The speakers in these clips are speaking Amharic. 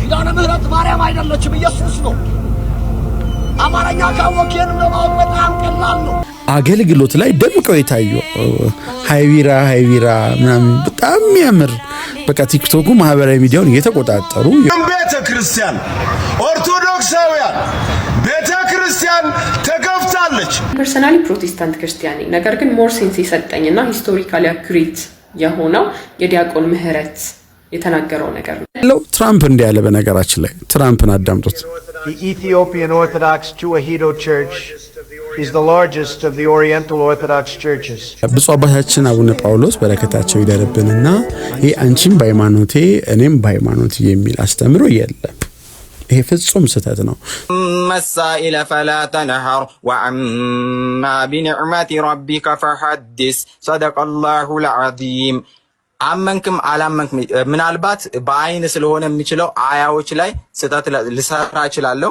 ኪዳነ ምሕረት ማርያም አይደለችም፣ ኢየሱስ ነው። አማርኛ ካወቅን ለማወቅ በጣም ቀላል ነው። አገልግሎት ላይ ደምቀው የታዩ ሀይቪራ ሃይቢራ ምናምን በጣም የሚያምር በቃ ቲክቶኩ ማህበራዊ ሚዲያውን እየተቆጣጠሩ ቤተ ክርስቲያን ኦርቶዶክሳውያን ቤተ ክርስቲያን ትላለች። ፐርሰናሊ ፕሮቴስታንት ክርስቲያን ነኝ። ነገር ግን ሞር ሴንስ የሰጠኝና ሂስቶሪካሊ አኩሬት የሆነው የዲያቆን ምህረት የተናገረው ነገር ነው። ትራምፕ እንዲህ ያለ በነገራችን ላይ ትራምፕን አዳምጡት። ኢትዮጵያን ኦርቶዶክስ ተዋሂዶ ቸርች ብፁዕ አባታችን አቡነ ጳውሎስ በረከታቸው ይደርብንና ይህ አንቺም በሃይማኖቴ እኔም በሃይማኖት የሚል አስተምሮ የለም። ايه فصوم ستاتنا اما الى فلا تنهر واما بنعمه ربك فحدث صدق الله العظيم አመንክም አላመንክም ምናልባት በአይን ስለሆነ የሚችለው አያዎች ላይ ስህተት ልሰራ እችላለሁ።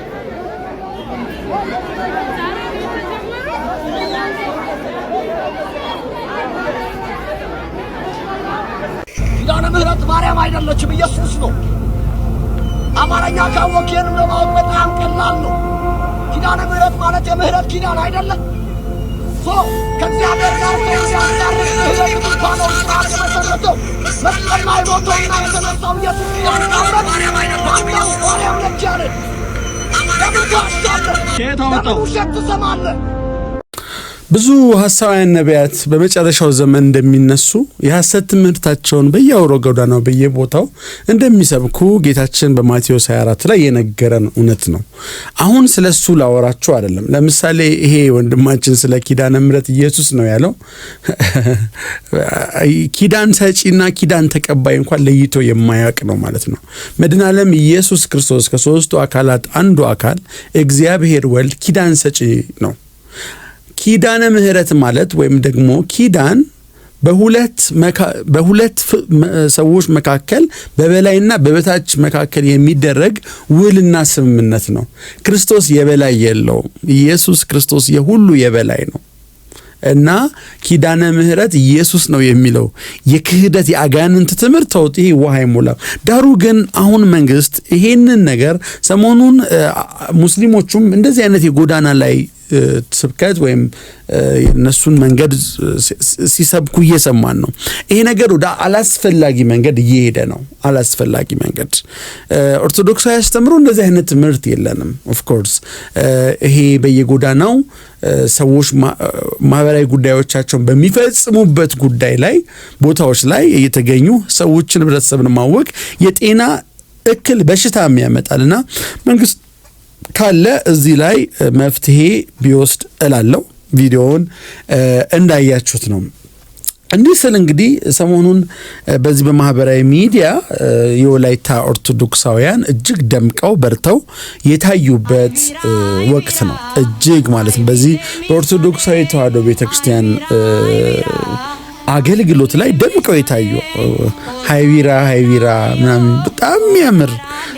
ኪዳነ ምሕረት ማርያም አይደለችም፣ ኢየሱስ ነው። አማርኛ ካወቅ ይህንም ለማወቅ በጣም ቀላል ነው። ኪዳነ ምሕረት ማለት የምህረት ኪዳን አይደለም። ሶ ከእግዚአብሔር ጋር የተመሰረተው መስቀል ላይ ሞቶና የተነሳው ኢየሱስ ኪዳን ማርያም ነች ያለን Adamı kaçtı. Şeye tam Ben bu şartlı zamanlı. ብዙ ሀሳውያን ነቢያት በመጨረሻው ዘመን እንደሚነሱ የሐሰት ትምህርታቸውን በየአውራ ጎዳናው በየቦታው እንደሚሰብኩ ጌታችን በማቴዎስ 24 ላይ የነገረን እውነት ነው። አሁን ስለ እሱ ላወራችሁ አይደለም። ለምሳሌ ይሄ ወንድማችን ስለ ኪዳነ ምሕረት ኢየሱስ ነው ያለው። ኪዳን ሰጪና ኪዳን ተቀባይ እንኳን ለይቶ የማያውቅ ነው ማለት ነው። መድናለም ኢየሱስ ክርስቶስ ከሦስቱ አካላት አንዱ አካል እግዚአብሔር ወልድ ኪዳን ሰጪ ነው። ኪዳነ ምህረት ማለት ወይም ደግሞ ኪዳን በሁለት ሰዎች መካከል በበላይና በበታች መካከል የሚደረግ ውልና ስምምነት ነው። ክርስቶስ የበላይ የለውም። ኢየሱስ ክርስቶስ የሁሉ የበላይ ነው እና ኪዳነ ምህረት ኢየሱስ ነው የሚለው የክህደት የአጋንንት ትምህርት ተውጥ ይሄ ውሃ አይሞላም። ዳሩ ግን አሁን መንግስት ይሄንን ነገር ሰሞኑን ሙስሊሞቹም እንደዚህ አይነት የጎዳና ላይ ስብከት ወይም እነሱን መንገድ ሲሰብኩ እየሰማን ነው። ይሄ ነገር ወደ አላስፈላጊ መንገድ እየሄደ ነው። አላስፈላጊ መንገድ ኦርቶዶክሳዊ ያስተምሩ እንደዚህ አይነት ትምህርት የለንም። ኦፍኮርስ ይሄ በየጎዳናው ሰዎች ማህበራዊ ጉዳዮቻቸውን በሚፈጽሙበት ጉዳይ ላይ ቦታዎች ላይ እየተገኙ ሰዎችን ህብረተሰብን ማወቅ የጤና እክል በሽታ የሚያመጣልና መንግስት ካለ እዚህ ላይ መፍትሄ ቢወስድ እላለሁ። ቪዲዮውን እንዳያችሁት ነው። እንዲህ ስል እንግዲህ ሰሞኑን በዚህ በማህበራዊ ሚዲያ የወላይታ ኦርቶዶክሳውያን እጅግ ደምቀው በርተው የታዩበት ወቅት ነው። እጅግ ማለት ነው። በዚህ በኦርቶዶክሳዊ ተዋሕዶ ቤተክርስቲያን አገልግሎት ላይ ደምቀው የታዩ ሀይቢራ ሀይቢራ ምናምን በጣም የሚያምር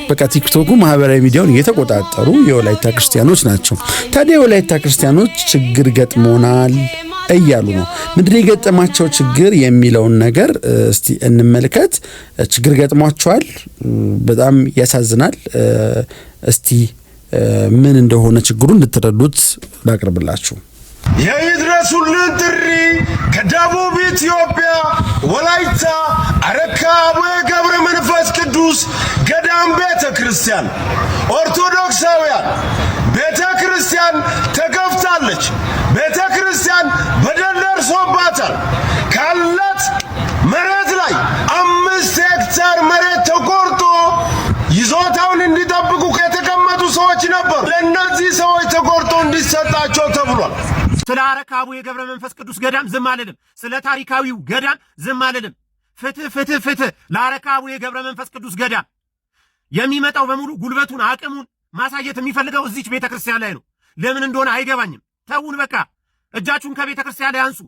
በቃ ቲክቶኩ ማህበራዊ ሚዲያውን እየተቆጣጠሩ የወላይታ ክርስቲያኖች ናቸው። ታዲያ የወላይታ ክርስቲያኖች ችግር ገጥሞናል እያሉ ነው። ምንድን የገጠማቸው ችግር የሚለውን ነገር እስቲ እንመልከት። ችግር ገጥሟቸዋል። በጣም ያሳዝናል። እስቲ ምን እንደሆነ ችግሩን እንድትረዱት ላቅርብላችሁ። የይድረሱልን ጥሪ ከደቡብ ኢትዮጵያ ወላይታ አረካ አቡነ ገብረ መንፈስ ቅዱስ ገዳም ቤተ ክርስቲያን ኦርቶዶክሳውያን ቤተ ክርስቲያን ተገፍታለች። ቤተ ክርስቲያን በደል ደርሶባታል። ካላት መሬት ላይ አምስት ሄክታር መሬት ተቆርጦ ይዞታውን እንዲጠብቁ ከተቀመጡ ሰዎች ነበሩ። ለእነዚህ ሰዎች ተቆርጦ እንዲሰጣቸው ተብሏል። ስለ አረካቡ የገብረ መንፈስ ቅዱስ ገዳም ዝም አልልም። ስለ ታሪካዊው ገዳም ዝም አልልም። ፍትህ ፍትህ ፍትህ ለአረካቡ የገብረ መንፈስ ቅዱስ ገዳም የሚመጣው በሙሉ ጉልበቱን አቅሙን ማሳየት የሚፈልገው እዚች ቤተ ክርስቲያን ላይ ነው። ለምን እንደሆነ አይገባኝም። ተውን በቃ። እጃችሁን ከቤተ ክርስቲያን ላይ አንሱ።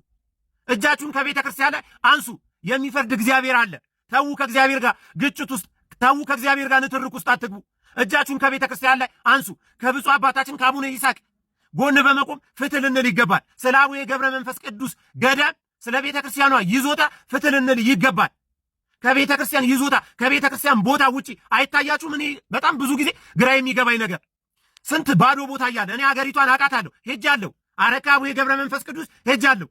እጃችሁን ከቤተ ክርስቲያን ላይ አንሱ። የሚፈርድ እግዚአብሔር አለ። ተዉ ከእግዚአብሔር ጋር ግጭት ውስጥ ተዉ ከእግዚአብሔር ጋር ንትርክ ውስጥ አትግቡ። እጃችሁን ከቤተ ክርስቲያን ላይ አንሱ። ከብፁ አባታችን ከአቡነ ይስሐቅ ጎን በመቆም ፍትህ ልንል ይገባል። ስለ አቡነ ገብረ መንፈስ ቅዱስ ገዳም፣ ስለ ቤተ ክርስቲያኗ ይዞታ ፍትህ ልንል ይገባል። ከቤተ ክርስቲያን ይዞታ ከቤተ ክርስቲያን ቦታ ውጪ አይታያችሁም? እኔ በጣም ብዙ ጊዜ ግራ የሚገባኝ ነገር ስንት ባዶ ቦታ እያለ እኔ ሀገሪቷን አውቃታለሁ፣ ሄጃለሁ። አረካ አቡነ ገብረ መንፈስ ቅዱስ ሄጃለሁ።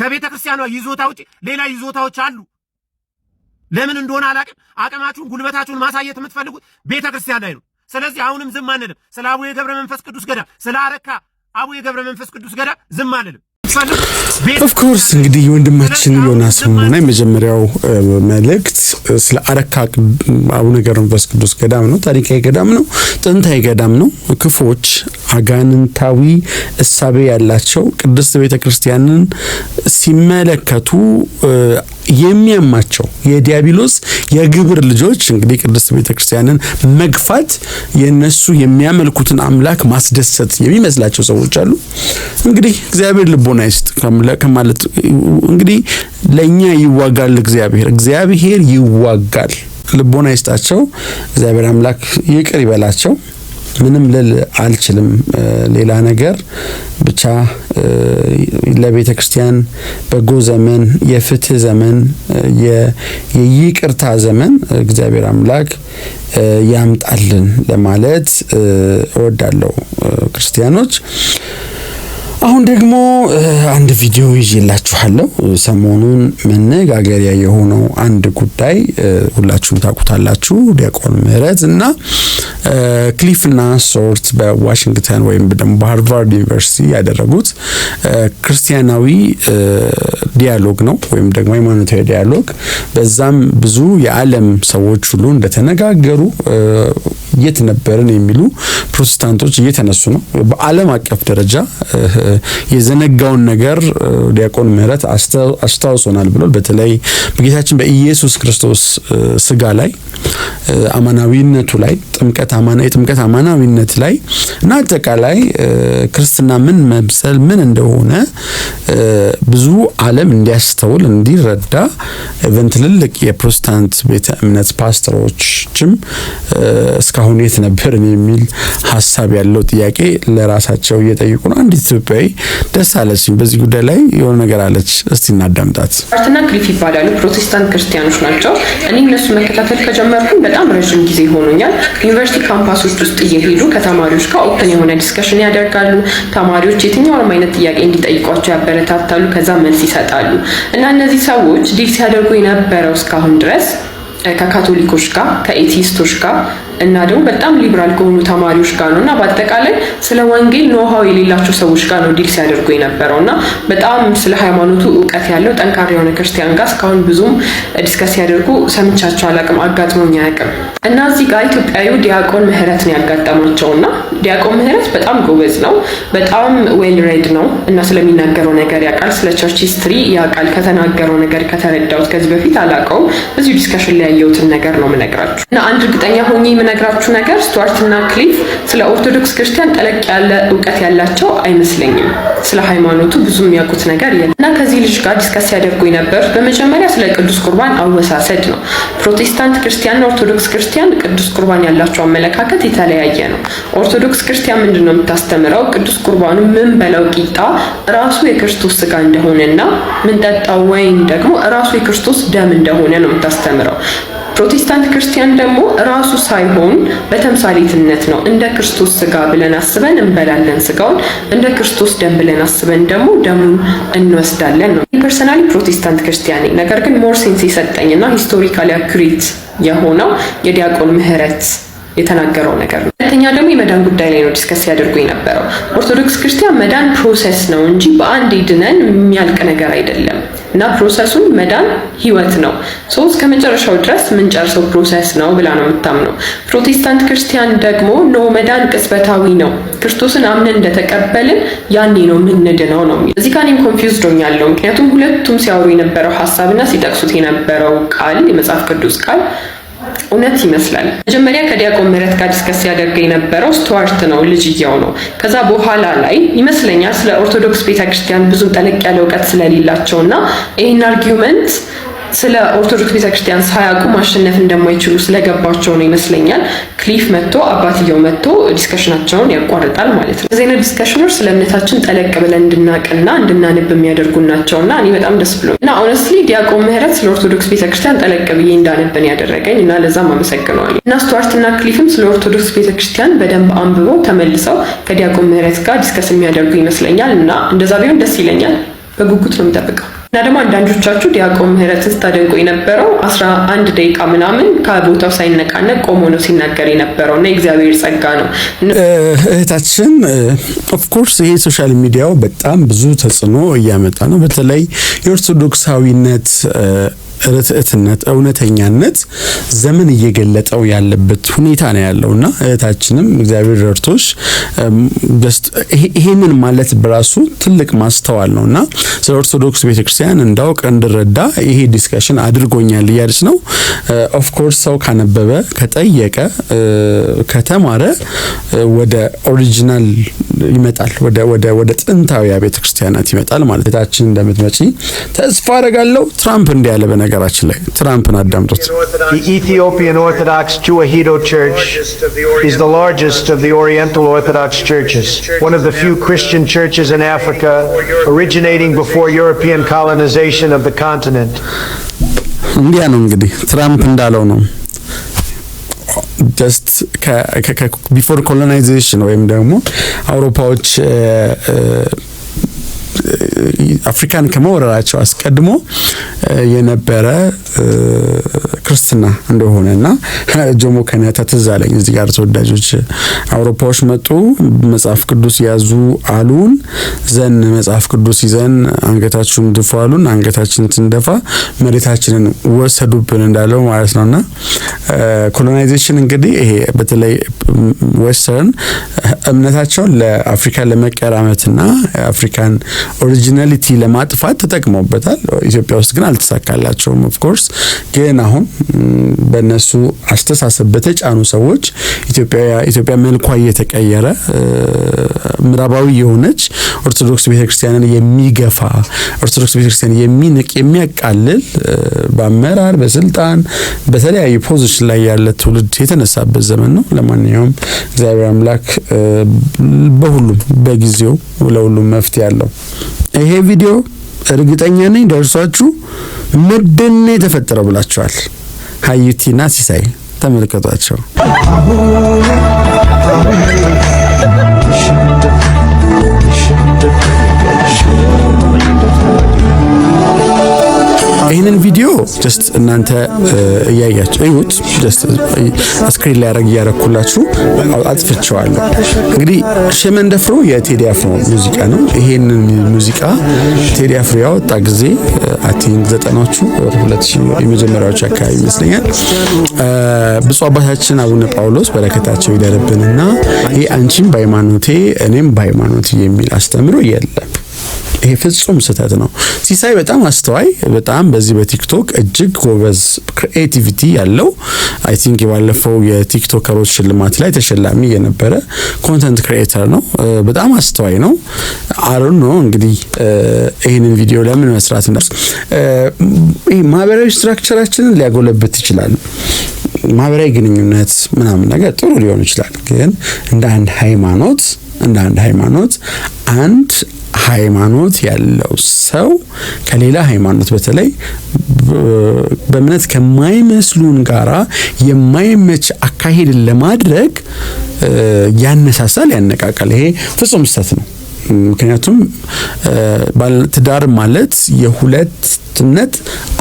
ከቤተ ክርስቲያኗ ይዞታ ውጪ ሌላ ይዞታዎች አሉ። ለምን እንደሆነ አላቅም። አቅማችሁን ጉልበታችሁን ማሳየት የምትፈልጉት ቤተ ክርስቲያን ላይ ነው። ስለዚህ አሁንም ዝም አንልም። ስለ አቡዬ ገብረ መንፈስ ቅዱስ ገዳ፣ ስለ አረካ አቡዬ ገብረ መንፈስ ቅዱስ ገዳም ዝም አንልም። ኦፍኮርስ እንግዲህ የወንድማችን ዮናስ ሆና የመጀመሪያው መልእክት ስለ አረካ አቡነ ገብረ መንፈስ ቅዱስ ገዳም ነው። ታሪካዊ ገዳም ነው። ጥንታዊ ገዳም ነው። ክፎች አጋንንታዊ እሳቤ ያላቸው ቅድስት ቤተ ክርስቲያንን ሲመለከቱ የሚያማቸው የዲያብሎስ የግብር ልጆች እንግዲህ ቅድስት ቤተ ክርስቲያንን መግፋት የነሱ የሚያመልኩትን አምላክ ማስደሰት የሚመስላቸው ሰዎች አሉ። እንግዲህ እግዚአብሔር ልቦና ይስጥ ከማለት እንግዲህ ለእኛ ይዋጋል እግዚአብሔር እግዚአብሔር ይዋጋል። ልቦና ይስጣቸው። እግዚአብሔር አምላክ ይቅር ይበላቸው። ምንም ልል አልችልም። ሌላ ነገር ብቻ ለቤተ ክርስቲያን በጎ ዘመን፣ የፍትህ ዘመን፣ የይቅርታ ዘመን እግዚአብሔር አምላክ ያምጣልን ለማለት እወዳለሁ ክርስቲያኖች አሁን ደግሞ አንድ ቪዲዮ ይዤላችኋለሁ። ሰሞኑን መነጋገሪያ የሆነው አንድ ጉዳይ ሁላችሁም ታውቁታላችሁ። ዲያቆን ምህረት እና ክሊፍና ሶርት በዋሽንግተን ወይም ደግሞ በሃርቫርድ ዩኒቨርሲቲ ያደረጉት ክርስቲያናዊ ዲያሎግ ነው ወይም ደግሞ ሃይማኖታዊ ዲያሎግ። በዛም ብዙ የዓለም ሰዎች ሁሉ እንደተነጋገሩ የት ነበርን የሚሉ ፕሮቴስታንቶች እየተነሱ ነው በዓለም አቀፍ ደረጃ የዘነጋውን ነገር ዲያቆን ምህረት አስታውሶናል ብሏል። በተለይ በጌታችን በኢየሱስ ክርስቶስ ስጋ ላይ አማናዊነቱ ላይ ጥምቀት አማና የጥምቀት አማናዊነት ላይ እና አጠቃላይ ክርስትና ምን መብሰል ምን እንደሆነ ብዙ ዓለም እንዲያስተውል እንዲረዳ ኢቨን ትልልቅ የፕሮቴስታንት ቤተ እምነት ፓስተሮችም እስካሁን የት ነበርን የሚል ሀሳብ ያለው ጥያቄ ለራሳቸው እየጠየቁ ነው። አንዲት ኢትዮጵያዊ ላይ ደስ አለችኝ። በዚህ ጉዳይ ላይ የሆነ ነገር አለች። እስቲ እናዳምጣት። ባርትና ክሊፍ ይባላሉ። ፕሮቴስታንት ክርስቲያኖች ናቸው። እኔ እነሱ መከታተል ከጀመርኩም በጣም ረዥም ጊዜ ሆኖኛል። ዩኒቨርሲቲ ካምፓሶች ውስጥ እየሄዱ ከተማሪዎች ጋር ኦፕን የሆነ ዲስከሽን ያደርጋሉ። ተማሪዎች የትኛውንም አይነት ጥያቄ እንዲጠይቋቸው ያበረታታሉ። ከዛ መልስ ይሰጣሉ እና እነዚህ ሰዎች ዲል ሲያደርጉ የነበረው እስካሁን ድረስ ከካቶሊኮች ጋር ከኤቲስቶች ጋር እና ደግሞ በጣም ሊብራል ከሆኑ ተማሪዎች ጋር ነው እና በአጠቃላይ ስለ ወንጌል ኖሃው የሌላቸው ሰዎች ጋር ነው ዲል ሲያደርጉ የነበረው እና በጣም ስለ ሃይማኖቱ እውቀት ያለው ጠንካራ የሆነ ክርስቲያን ጋር እስካሁን ብዙም ዲስከስ ሲያደርጉ ሰምቻቸው አላቅም፣ አጋጥሞኝ አያቅም። እና እዚህ ጋር ኢትዮጵያዊው ዲያቆን ምህረት ነው ያጋጠማቸው እና ዲያቆን ምህረት በጣም ጎበዝ ነው። በጣም ዌል ሬድ ነው እና ስለሚናገረው ነገር ያውቃል። ስለ ቸርች ሂስትሪ ያውቃል። ከተናገረው ነገር ከተረዳሁት ከዚህ በፊት አላውቀውም፣ እዚሁ ዲስከሽን ላይ ያየሁትን ነገር ነው የምነግራችሁ እና አንድ እርግጠኛ ሆኜ የምነግራችሁ ነገር ስቱዋርትና ክሊፍ ስለ ኦርቶዶክስ ክርስቲያን ጠለቅ ያለ እውቀት ያላቸው አይመስለኝም። ስለ ሃይማኖቱ ብዙ የሚያውቁት ነገር የለም እና ከዚህ ልጅ ጋር ዲስከስ ሲያደርጉ የነበር በመጀመሪያ ስለ ቅዱስ ቁርባን አወሳሰድ ነው። ፕሮቴስታንት ክርስቲያንና ኦርቶዶክስ ክርስቲያን ቅዱስ ቁርባን ያላቸው አመለካከት የተለያየ ነው። ኦርቶዶክስ ክርስቲያን ምንድን ነው የምታስተምረው? ቅዱስ ቁርባኑ ምን በለው ቂጣ ራሱ የክርስቶስ ስጋ እንደሆነ ምን ምንጠጣው ወይም ደግሞ ራሱ የክርስቶስ ደም እንደሆነ ነው የምታስተምረው። ፕሮቴስታንት ክርስቲያን ደግሞ ራሱ ሳይሆን በተምሳሌትነት ነው። እንደ ክርስቶስ ስጋ ብለን አስበን እንበላለን ስጋውን፣ እንደ ክርስቶስ ደም ብለን አስበን ደግሞ ደሙን እንወስዳለን ነው። ፐርሰናሊ ፕሮቴስታንት ክርስቲያን ነኝ። ነገር ግን ሞር ሴንስ የሰጠኝና ሂስቶሪካሊ አኩሬት የሆነው የዲያቆን ምህረት የተናገረው ነገር ነው። ሁለተኛ ደግሞ የመዳን ጉዳይ ላይ ነው ዲስከስ ያደርጉ የነበረው። ኦርቶዶክስ ክርስቲያን መዳን ፕሮሰስ ነው እንጂ በአንድ ድነን የሚያልቅ ነገር አይደለም። እና ፕሮሰሱን መዳን ህይወት ነው። ሶ እስከ መጨረሻው ድረስ የምንጨርሰው ፕሮሰስ ነው ብላ ነው የምታምነው። ፕሮቴስታንት ክርስቲያን ደግሞ ኖ መዳን ቅጽበታዊ ነው። ክርስቶስን አምነን እንደተቀበልን ያኔ ነው የምንድነው ነው የሚለው። እዚህ ጋር እኔም ኮንፊውዝ ዶኛለሁ። ምክንያቱም ሁለቱም ሲያወሩ የነበረው ሀሳብና ሲጠቅሱት የነበረው ቃል የመጽሐፍ ቅዱስ ቃል እውነት ይመስላል። መጀመሪያ ከዲያቆን ምህረት ጋር ዲስከስ ያደርገ የነበረው ስቱዋርት ነው ልጅየው ነው። ከዛ በኋላ ላይ ይመስለኛል ስለ ኦርቶዶክስ ቤተክርስቲያን ብዙም ጠለቅ ያለ እውቀት ስለሌላቸውና ይህን አርጊመንት ስለ ኦርቶዶክስ ቤተክርስቲያን ሳያውቁ ማሸነፍ እንደማይችሉ ስለገባቸው ነው ይመስለኛል። ክሊፍ መጥቶ አባትየው መጥቶ ዲስከሽናቸውን ያቋርጣል ማለት ነው። እዚህ አይነት ዲስከሽኖች ስለ እምነታችን ጠለቅ ብለን እንድናቅና እንድናንብ የሚያደርጉን ናቸው እና እኔ በጣም ደስ ብሎ እና ኦነስትሊ ዲያቆን ምህረት ስለ ኦርቶዶክስ ቤተክርስቲያን ጠለቅ ብዬ እንዳነብን ያደረገኝ እና ለዛም አመሰግነዋል እና ስቱዋርትና ክሊፍም ስለ ኦርቶዶክስ ቤተክርስቲያን በደንብ አንብበው ተመልሰው ከዲያቆን ምህረት ጋር ዲስከስ የሚያደርጉ ይመስለኛል እና እንደዛ ቢሆን ደስ ይለኛል። በጉጉት ነው የሚጠብቀው። እና ደግሞ አንዳንዶቻችሁ ዲያቆን ምህረት ስታደንቁ የነበረው አስራ አንድ ደቂቃ ምናምን ከቦታው ሳይነቃነቅ ቆሞ ነው ሲናገር የነበረው እና የእግዚአብሔር ጸጋ ነው እህታችን። ኦፍኮርስ ይሄ ሶሻል ሚዲያው በጣም ብዙ ተጽዕኖ እያመጣ ነው። በተለይ የኦርቶዶክሳዊነት ርትዕትነት፣ እውነተኛነት ዘመን እየገለጠው ያለበት ሁኔታ ነው ያለው እና እህታችንም እግዚአብሔር ረድቶሽ ይሄንን ማለት በራሱ ትልቅ ማስተዋል ነው እና ስለ ኦርቶዶክስ ቤተክርስቲያን እንዳውቅ እንድረዳ ይሄ ዲስከሽን አድርጎኛል እያለች ነው። ኦፍኮርስ ሰው ካነበበ፣ ከጠየቀ፣ ከተማረ ወደ ኦሪጂናል ይመጣል ወደ ወደ ወደ ጥንታዊ ቤተ ክርስቲያናት ይመጣል ማለት ቤታችን እንደምትመጪ ተስፋ አደርጋለሁ። ትራምፕ እንዲህ በነገራችን ላይ ትራምፕን አዳምጡት። የኢትዮጵያን ኦርቶዶክስ ተዋሕዶ ቸርች ኢዝ ዘ ላርጀስት ኦፍ ዘ ኦሪየንታል ኦርቶዶክስ ቸርችስ ዋን ኦፍ ዘ ፊው ክርስቲያን ቸርችስ ኢን አፍሪካ ኦሪጂኔቲንግ ቢፎር ዩሮፒያን ኮሎናይዜሽን ኦፍ ዘ ኮንቲነንት። እንዲያ ነው እንግዲህ ትራምፕ እንዳለው ነው። ጀስት ቢፎር ኮሎናይዜሽን ወይም ደግሞ አውሮፓዎች አፍሪካን ከመወረራቸው አስቀድሞ የነበረ ክርስትና እንደሆነ እና ጆሞ ከነተ ትዝ አለኝ እዚህ ጋር ተወዳጆች፣ አውሮፓዎች መጡ፣ መጽሐፍ ቅዱስ ያዙ አሉን። ዘን መጽሐፍ ቅዱስ ይዘን አንገታችሁን ድፉ አሉን። አንገታችንን ስንደፋ መሬታችንን ወሰዱብን እንዳለው ማለት ነውና ኮሎናይዜሽን እንግዲህ ይሄ በተለይ ዌስተርን እምነታቸውን ለአፍሪካ ለመቀራመትና አፍሪካን ኦሪጂናሊቲ ለማጥፋት ተጠቅመውበታል። ኢትዮጵያ ውስጥ ግን አልተሳካላቸውም። ኦፍኮርስ ግን አሁን በእነሱ አስተሳሰብ በተጫኑ ሰዎች ኢትዮጵያ መልኳ እየተቀየረ ምዕራባዊ የሆነች ኦርቶዶክስ ቤተክርስቲያንን የሚገፋ ኦርቶዶክስ ቤተክርስቲያን የሚንቅ የሚያቃልል በአመራር በስልጣን በተለያዩ ፖዚሽን ላይ ያለ ትውልድ የተነሳበት ዘመን ነው። ለማንኛውም እግዚአብሔር አምላክ በሁሉም በጊዜው ለሁሉም መፍትሄ አለው። ይሄ ቪዲዮ እርግጠኛ ነኝ ደርሷችሁ ምንድን ነው የተፈጠረው ብላችኋል። ሀዩቲና ሲሳይ ተመልከቷቸው። ይህንን ቪዲዮ ጀስት እናንተ እያያችሁ እዩት። ስክሪን ላይ ያረግ እያረኩላችሁ አጥፍቼዋለሁ። እንግዲህ ሸመንደፍሮ የቴዲ አፍሮ ሙዚቃ ነው። ይሄንን ሙዚቃ ቴዲ አፍሮ ያወጣ ጊዜ አቲንግ ዘጠናዎቹ ሁለት የመጀመሪያዎች አካባቢ ይመስለኛል። ብፁ አባታችን አቡነ ጳውሎስ በረከታቸው ይደርብንና ይህ አንቺም በሃይማኖቴ እኔም በሃይማኖት የሚል አስተምሮ የለም ይሄ ፍጹም ስህተት ነው። ሲሳይ በጣም አስተዋይ፣ በጣም በዚህ በቲክቶክ እጅግ ጎበዝ፣ ክሪኤቲቪቲ ያለው አይ ቲንክ የባለፈው የቲክቶከሮች ሽልማት ላይ ተሸላሚ የነበረ ኮንተንት ክሪኤተር ነው። በጣም አስተዋይ ነው። አሩን ነው እንግዲህ ይህንን ቪዲዮ ለምን መስራት ነው? ይህ ማህበራዊ ስትራክቸራችንን ሊያጎለብት ይችላል። ማህበራዊ ግንኙነት ምናምን ነገር ጥሩ ሊሆን ይችላል፣ ግን እንደ አንድ ሃይማኖት እንደ አንድ ሃይማኖት አንድ ሃይማኖት ያለው ሰው ከሌላ ሃይማኖት በተለይ በእምነት ከማይመስሉን ጋራ የማይመች አካሄድን ለማድረግ ያነሳሳል፣ ያነቃቃል። ይሄ ፍጹም ስህተት ነው። ምክንያቱም ባለትዳር ማለት የሁለትነት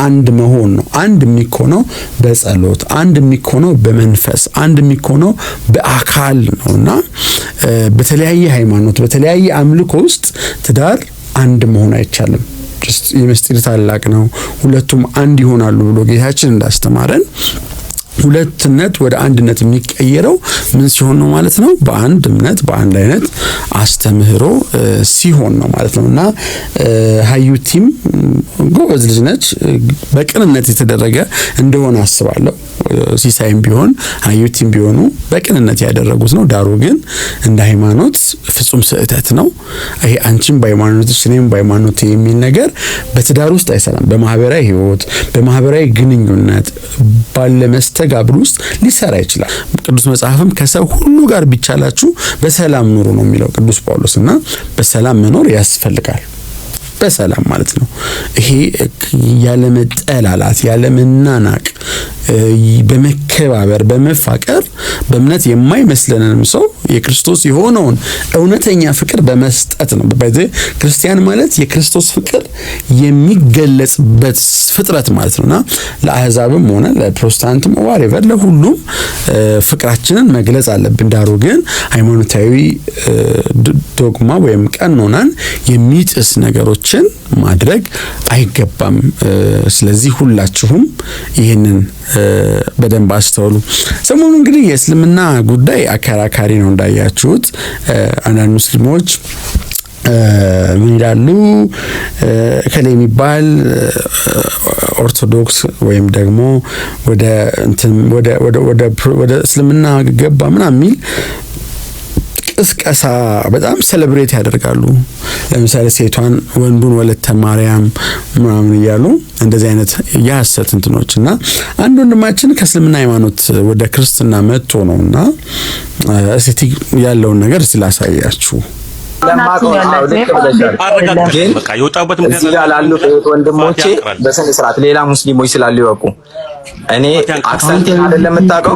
አንድ መሆን ነው። አንድ የሚኮነው በጸሎት፣ አንድ የሚኮነው በመንፈስ፣ አንድ የሚኮነው በአካል ነው እና በተለያየ ሃይማኖት፣ በተለያየ አምልኮ ውስጥ ትዳር አንድ መሆን አይቻልም። የምስጢር ታላቅ ነው። ሁለቱም አንድ ይሆናሉ ብሎ ጌታችን እንዳስተማረን ሁለትነት ወደ አንድነት የሚቀየረው ምን ሲሆን ነው ማለት ነው? በአንድ እምነት በአንድ አይነት አስተምህሮ ሲሆን ነው ማለት ነው። እና ሀዩቲም ጎበዝ ልጅ ነች። በቅንነት የተደረገ እንደሆነ አስባለሁ። ሲሳይም ቢሆን አዩቲም ቢሆኑ በቅንነት ያደረጉት ነው። ዳሩ ግን እንደ ሃይማኖት ፍጹም ስህተት ነው። ይሄ አንቺም በሃይማኖት እኔም በሃይማኖት የሚል ነገር በትዳር ውስጥ አይሰራም። በማህበራዊ ህይወት፣ በማህበራዊ ግንኙነት ባለ መስተጋብር ውስጥ ሊሰራ ይችላል። ቅዱስ መጽሐፍም ከሰው ሁሉ ጋር ቢቻላችሁ በሰላም ኑሩ ነው የሚለው ቅዱስ ጳውሎስ እና በሰላም መኖር ያስፈልጋል። በሰላም ማለት ነው። ይሄ ያለመጠላላት፣ ያለመናናቅ፣ በመከባበር በመፋቀር በእምነት የማይመስለንም ሰው የክርስቶስ የሆነውን እውነተኛ ፍቅር በመስጠት ነው። በዚህ ክርስቲያን ማለት የክርስቶስ ፍቅር የሚገለጽበት ፍጥረት ማለት ነውና ለአህዛብም ሆነ ለፕሮቴስታንትም ዋሬቨር ለሁሉም ፍቅራችንን መግለጽ አለብን። ዳሩ ግን ሃይማኖታዊ ዶግማ ወይም ቀኖናን የሚጥስ ነገሮች ነገሮችን ማድረግ አይገባም። ስለዚህ ሁላችሁም ይህንን በደንብ አስተውሉ። ሰሞኑ እንግዲህ የእስልምና ጉዳይ አከራካሪ ነው እንዳያችሁት። አንዳንድ ሙስሊሞች ምን ይላሉ? እከሌ የሚባል ኦርቶዶክስ ወይም ደግሞ ወደ እንትን ወደ ወደ ወደ እስልምና ገባ ምናምን የሚል ቅስቀሳ በጣም ሴሌብሬት ያደርጋሉ። ለምሳሌ ሴቷን ወንዱን ወለተ ማርያም ምናምን እያሉ እንደዚህ አይነት የሐሰት እንትኖች እና አንድ ወንድማችን ከእስልምና ሃይማኖት ወደ ክርስትና መጥቶ ነው እና እሴቲ ያለውን ነገር እስቲ ላሳያችሁ። እዚህ ጋር ላሉት ወንድሞቼ በስነ ስርዓት ሌላ ሙስሊሞች ስላሉ ይወቁ። እኔ አክሰንቴን አይደለም የምታውቀው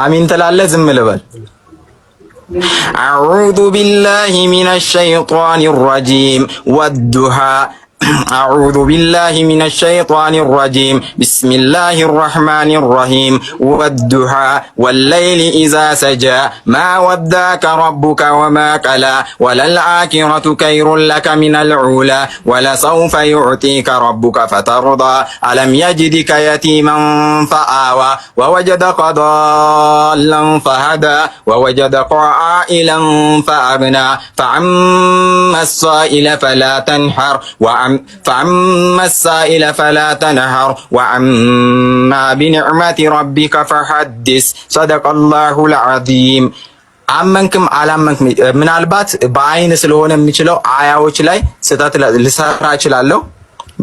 አሚን ትላለህ። ዝም ልበል? አዑዙ ቢላሂ ሚነሽ ሸይጧኒ ረጂም ወዱሃ أعوذ بالله من الشيطان الرجيم بسم الله الرحمن الرحيم والدحى والليل إذا سجى ما وداك ربك وما قلى وللآخرة خير لك من العولى ولسوف يعطيك ربك فترضى ألم يجدك يتيما فآوى ووجدك ضالا فهدى ووجدك عائلا فأغنى فأما السائل فلا تنحر وعم ፈአማ ሳኢለ ፈላ ተንሀር ወአማ ቢኒዕመቲ ረቢከ ፈሐዲስ ሰደቀላሁል ዐዚም። አመንክም አላመንክም ምናልባት በአይን ስለሆነ የሚችለው አያዎች ላይ ስህተት ልሰራ እችላለሁ።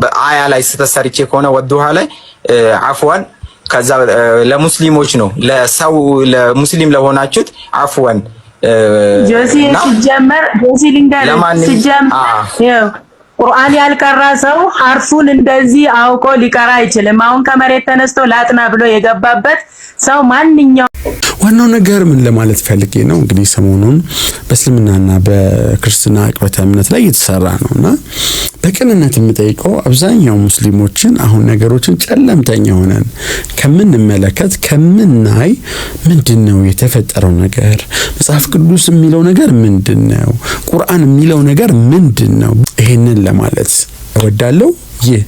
በአያ ላይ ስህተት ሰርቼ ከሆነ ወዱሃ ላይ አፍዋን ከዛ ለሙስሊሞች ነው ለሰው ለሙስሊም ለሆናችሁት አፍዋን ጆሲ ሲጀመር ጆሲ ልንገር ሲጀመር ቁርአን ያልቀራ ሰው ሐርፉን እንደዚህ አውቆ ሊቀራ አይችልም። አሁን ከመሬት ተነስቶ ላጥና ብሎ የገባበት ሰው ማንኛው ዋናው ነገር ምን ለማለት ፈልጌ ነው እንግዲህ ሰሞኑን በእስልምናና በክርስትና አቅበተ እምነት ላይ እየተሰራ ነውና በቅንነት የምጠይቀው አብዛኛው ሙስሊሞችን አሁን ነገሮችን ጨለምተኛ ሆነን ከምንመለከት ከምናይ፣ ምንድን ነው የተፈጠረው ነገር? መጽሐፍ ቅዱስ የሚለው ነገር ምንድን ነው? ቁርአን የሚለው ነገር ምንድን ነው? ይህንን ለማለት እወዳለሁ። ይህ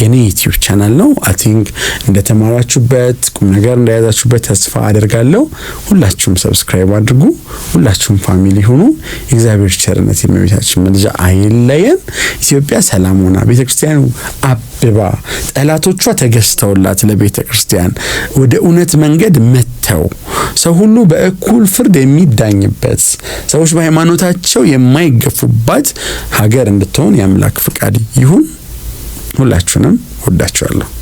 የኔ ዩቲዩብ ቻናል ነው። አይ ቲንክ እንደተማራችሁበት ቁም ነገር እንደያዛችሁበት ተስፋ አደርጋለሁ። ሁላችሁም ሰብስክራይብ አድርጉ። ሁላችሁም ፋሚሊ ሁኑ። የእግዚአብሔር ቸርነት የእመቤታችን ምልጃ አይለየን። ኢትዮጵያ ሰላም ሆና ቤተክርስቲያን አብባ ጠላቶቿ ተገዝተውላት ለቤተክርስቲያን ወደ እውነት መንገድ ተው ሰው ሁሉ በእኩል ፍርድ የሚዳኝበት ሰዎች በሃይማኖታቸው የማይገፉባት ሀገር እንድትሆን የአምላክ ፍቃድ ይሁን። ሁላችሁንም ወዳችኋለሁ።